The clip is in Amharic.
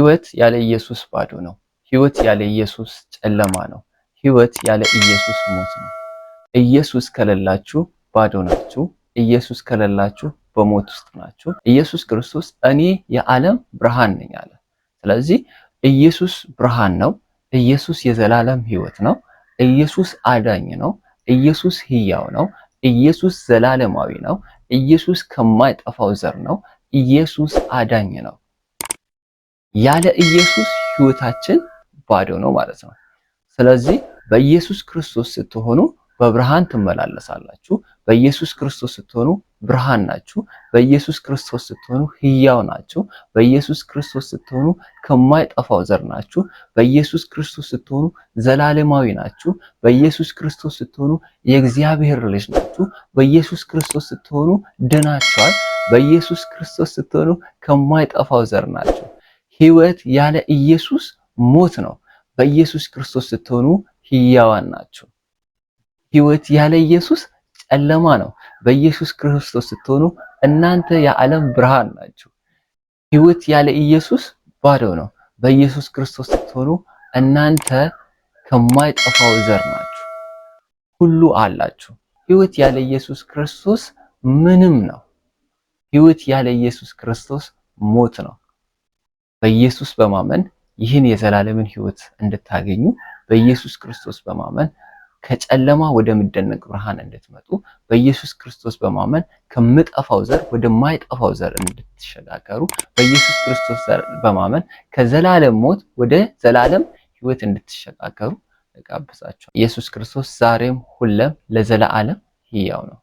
ህይወት ያለ ኢየሱስ ባዶ ነው። ህይወት ያለ ኢየሱስ ጨለማ ነው። ህይወት ያለ ኢየሱስ ሞት ነው። ኢየሱስ ከሌላችሁ ባዶ ናችሁ። ኢየሱስ ከሌላችሁ በሞት ውስጥ ናችሁ። ኢየሱስ ክርስቶስ እኔ የዓለም ብርሃን ነኝ አለ። ስለዚህ ኢየሱስ ብርሃን ነው። ኢየሱስ የዘላለም ህይወት ነው። ኢየሱስ አዳኝ ነው። ኢየሱስ ህያው ነው። ኢየሱስ ዘላለማዊ ነው። ኢየሱስ ከማይጠፋው ዘር ነው። ኢየሱስ አዳኝ ነው። ያለ ኢየሱስ ህይወታችን ባዶ ነው ማለት ነው። ስለዚህ በኢየሱስ ክርስቶስ ስትሆኑ በብርሃን ትመላለሳላችሁ። በኢየሱስ ክርስቶስ ስትሆኑ ብርሃን ናችሁ። በኢየሱስ ክርስቶስ ስትሆኑ ህያው ናችሁ። በኢየሱስ ክርስቶስ ስትሆኑ ከማይጠፋው ዘር ናችሁ። በኢየሱስ ክርስቶስ ስትሆኑ ዘላለማዊ ናችሁ። በኢየሱስ ክርስቶስ ስትሆኑ የእግዚአብሔር ልጅ ናችሁ። በኢየሱስ ክርስቶስ ስትሆኑ ድናችኋል። በኢየሱስ ክርስቶስ ስትሆኑ ከማይጠፋው ዘር ናችሁ። ህይወት ያለ ኢየሱስ ሞት ነው። በኢየሱስ ክርስቶስ ስትሆኑ ህያዋን ናችሁ። ህይወት ያለ ኢየሱስ ጨለማ ነው። በኢየሱስ ክርስቶስ ስትሆኑ እናንተ የዓለም ብርሃን ናችሁ። ህይወት ያለ ኢየሱስ ባዶ ነው። በኢየሱስ ክርስቶስ ስትሆኑ እናንተ ከማይጠፋው ዘር ናችሁ። ሁሉ አላችሁ። ህይወት ያለ ኢየሱስ ክርስቶስ ምንም ነው። ህይወት ያለ ኢየሱስ ክርስቶስ ሞት ነው። በኢየሱስ በማመን ይህን የዘላለምን ህይወት እንድታገኙ በኢየሱስ ክርስቶስ በማመን ከጨለማ ወደ ምደነቅ ብርሃን እንድትመጡ በኢየሱስ ክርስቶስ በማመን ከምጠፋው ዘር ወደ ማይጠፋው ዘር እንድትሸጋገሩ በኢየሱስ ክርስቶስ በማመን ከዘላለም ሞት ወደ ዘላለም ህይወት እንድትሸጋገሩ እጋብዛችኋል። ኢየሱስ ክርስቶስ ዛሬም ሁለም ለዘላለም ህያው ነው።